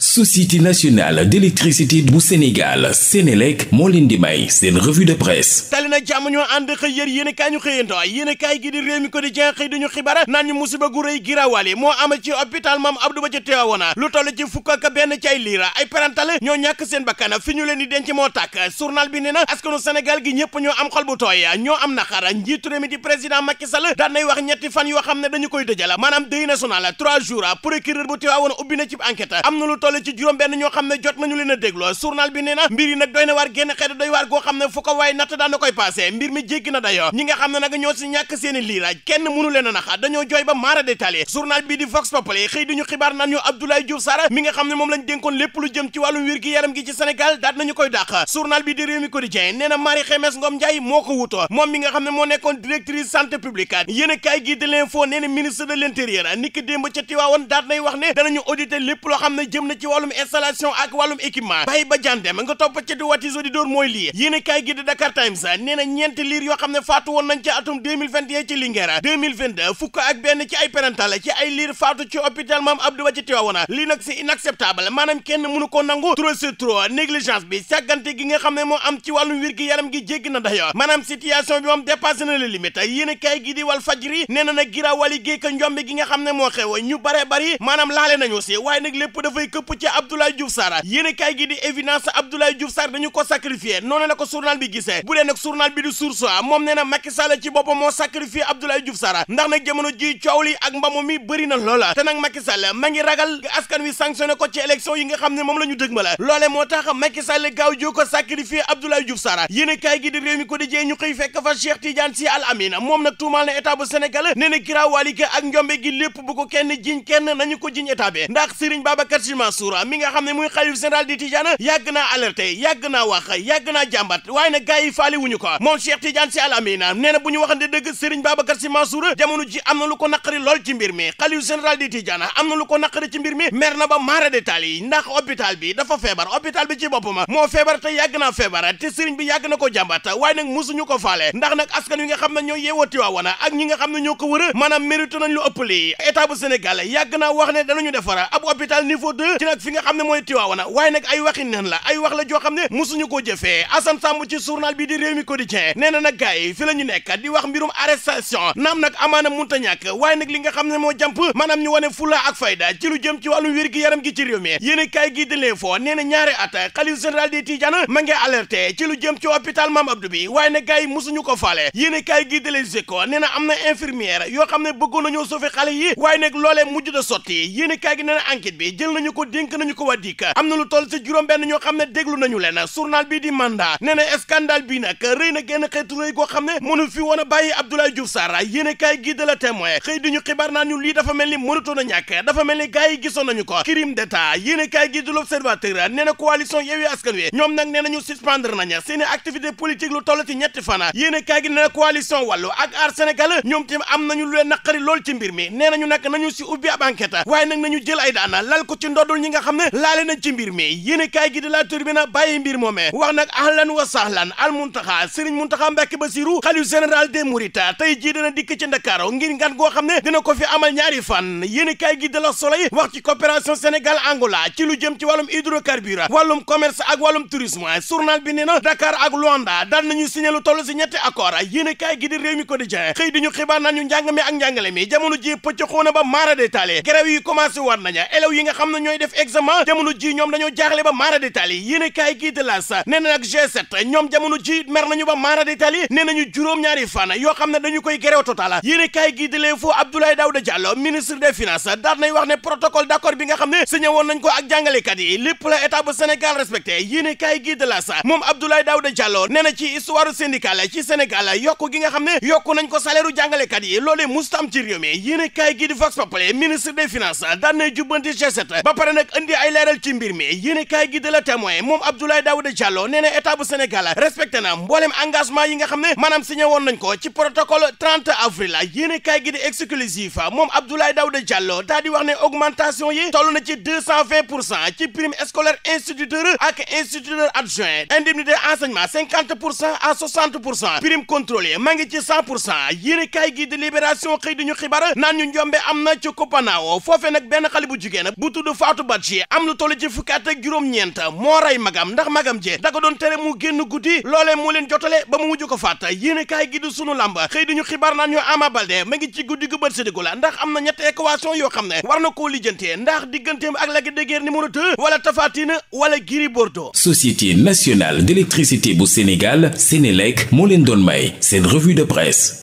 société nationale d'électricité bu Sénégal Sénélec moo leen di may seen revue de presse tali jàmm ñoo ànd xëy yër yéen ñu xëyandoo yéen gi di réew mi ko di jeex xëy xibaar naan ñu musiba gu rëy giraawali moo am ci hôpital Mame Abdou Ba ca Tivaouane lu toll ci fukk ak benn ci ay liira ay parental ñoo ñàkk seen bakkan fi ñu leen di denc moo tàkk journal bi nee na askanu Sénégal gi ñëpp ñoo am xol bu tooy ñoo am na ci enquête toll ci juróom benn ñoo xam ne jot nañu leen a dégloo journal bi nee na mbir yi nag doy nga xam ne moom lañ dénkoon lépp lu jëm ci wàllum gi yaram gi ci Sénégal daat nañu koy dàq journal bi di Rewmi Quotidien nee na Marie Khemesse Ngom Ndiaye moo ko wutoo moom mi nga xam ne moo nekkoon directrice santé publique yéen a gi de l'info nee na ministre de l'intérieur niki démb ca Tiwaawoon daat nay wax ne danañu auditer lépp loo xam ne jëm na ci wàllum installation ak wàllum équipement bay ba jandem nga topp ca di watiso di dóor mooy lii yéen kaay gi di Dakar Times nee na ñeenti liir yoo xam ne faatu woon nañ ci atum 2021 ci Linguère 2022 fukk ak benn ci ay parental ci ay liir faatu ci hôpital Maam Abdou Wa ci Tivaouane lii nag c'est inacceptable maanaam kenn mënu ko nangu trop c'est négligence bi sàggante gi nga xam ne moo am ci wàllum wér gi yaram gi jéggi na dayo maanaam situation bi moom dépassé na kaay gi di Walf Fadjri nee na nag giraawali géeka njombe gi nga xam ne moo xew ñu bare bari maanaam laale nañu si waaye nag lépp dafay yépp ci Abdoulaye Diouf Sarr yéenekaay gi di évidence Abdoulaye Diouf Sarr dañu ko sacrifié noonu la ko journal bi gisee bu dee nag journal bi di Source moom nee na Macky Sall ci boppam moo sacrifié Abdoulaye Diouf Sarr ndax nag jamono ji coow li ak mbamu mi bëri na loola te nag Macky Sall ma ngi ragal askan wi sanctionné ko ci élection yi nga xam ne moom la ñu la loole moo tax Macky Sall gaaw joo ko sacrifié Abdoulaye Diouf Sarr yéenekaay gi di Rewmi Quotidien ñu xëy fekk fa Cheikh Tidiane Sy Al moom na état bu Sénégal nee na giraawaali ak njombe gi lépp bu ko kenn jiñ kenn nañu ko jiñ état ndax Serigne Babacar Sy Mansour Mansour mi nga xam ne muy xalif général di Tidiane yàgg naa alerté wax yàgg naa waaye nag gars yi faale wuñu ko moom Cheikh Tidiane Sy Al Amine nee bu ñu waxante dëgg Serigne Babacar Sy Mansour jamono ji am na lu ko naqari lool ci mbir mi xalif général di Tidiane am na lu ko naqari ci mbir mi mer na ba maara détaal yi ndax hôpital bi dafa feebar hôpital bi ci boppam moo feebar te yàgg feebar te Serigne bi yàgg na ko jàmbat waaye nag ko faale ndax nag xam ne ñoo yeewoo Tiwaawan ak ñi nga xam ne ñoo ko wër maanaam ci nag fi nga xam ne mooy Tiwaawana waaye nag ay waxi neen la ay wax la joo xam ne musuñu ko jëfee Assane Samb ci journal bi di Rewmi Quotidien nee na nag na yi fi la ñu nekk di wax mbirum arrestation nam nag amaana munta ñàkk waaye nag li nga xam ne moo jàmp maanaam ñu wane fula ak fayda ci lu jëm ci wàllum wér yaram gi ci réew mi yéen kaay gi di l'info nee na ñaari at xalif général des Tidianes ma ngi alerté ci lu jëm ci hôpital mam Abdou bi waaye nag gars yi ko faale yéen kaay gi am na infirmière yoo xam ne bëggoon nañoo sauver xale yi waaye nag loolee mujj da sotti yéen kaay gi nee na bi jël nañu ko dénk nañu ko waa DIC am na lu toll ci juróom benn ñoo xam ne déglu nañu leen journal bi di mandat nee na scandale bi nag rëy na genn xeetu rëy goo xam ne mënu fi woon a bàyyi Abdoulaye Diouf Sarr yéene kaay gii de la témoin xëy di ñu xibaar naa ñu lii dafa mel ni mënutoon a ñàkk dafa mel ni gars yi gisoon ko crime d'état yéene kaay gii de l'observateur nee na coalition Yewwi Askan Wi ñoom nag nee nañu suspendre nañu seeni activité politique lu toll ci ñetti fana yéene kaay gi nee na coalition wàllu ñoom tim am nañu lu naqari lool ci mbir mi nee nañu nag nañu si ubbi ab enquête waaye nag nañu jël ay daana lal ko ci ndodul ñi nga xam ne laale na ci mbir mi yéen kaay gi di la turbina bàyyi mbir moomee wax nag ahlan wa sahlan al muntaxa sëriñ muntaxa mbàkke basiru xalif général des mourides tey jii dina dikk ci ndakaaru ngir ngan goo xam ne dina ko fi amal ñaari fan yéen kaay gi di la soleil wax ci coopération sénégal angola ci lu jëm ci wàllum hydrocarbure wàllum commerce ak wàllum tourisme journal bi nee na dakar ak luanda daan nañu signé lu si ñetti accord yéen kaay gi di réew mi quotidien xëy di ñu xibaar naan ñu yi nga xam ne ñooy def examen ji ñoom dañoo jaaxle ba maara détail yi yéen a kaay gii de nag g ñoom jamono ji mer nañu ba maara détail yi nee nañu juróom-ñaari fan yoo xam ne dañu koy gerew total yéen a kaay gii de l'info Abdoulaye Daouda Diallo ministre des finances daal nay wax ne protocole d'accord bi nga xam ne signé woon nañ ko ak jàngalekat yi lépp la état bu Sénégal respecté yéen a kaay gii de la moom Abdoulaye Daouda Diallo nee na ci histoire syndicale ci ne yokku nañ ko salaire u jàngalekat yi loolee musta am ci réew mi yéen a kaay gii di Vox Populi ministre des nag indi ay leeral ci mbir mi yéene kaay la témoin moom Abdoulaye Daouda Diallo nee na état bu na mbooleem engagement yi nga xam ne maanaam signé woon nañ ko ci protocole 30 avril yéene kaay gi di exclusif moom Abdoulaye Daouda Diallo daal di wax yi toll na ci 220 pour cent ci prime scolaire instituteur ak instituteur adjoint indemnité enseignement 50 pour cent à 60 pour cent prime contrôlée maa ngi ci 100 pour na ci Kopanaaw foofee nag benn Babacar ji am na toll ci fukki at ak juróom-ñeent moo rey magam ndax magam jee da doon tere mu génn guddi loolee moo leen jotale ba mu mujj ko fàtt yéene kaay gi di sunu làmb xëy diñu xibaar naan ñu Ama Baldé ma ngi ci guddi gu bët séddigu la ndax am na ñetti équation yoo xam ne war na ko lijjantee ndax digganteem ak Lac de Guiers numéro 2 wala Tapha Tine wala Gris Bordeaux Société nationale d'électricité bu Sénégal Sénélec moo leen doon may seen revue de presse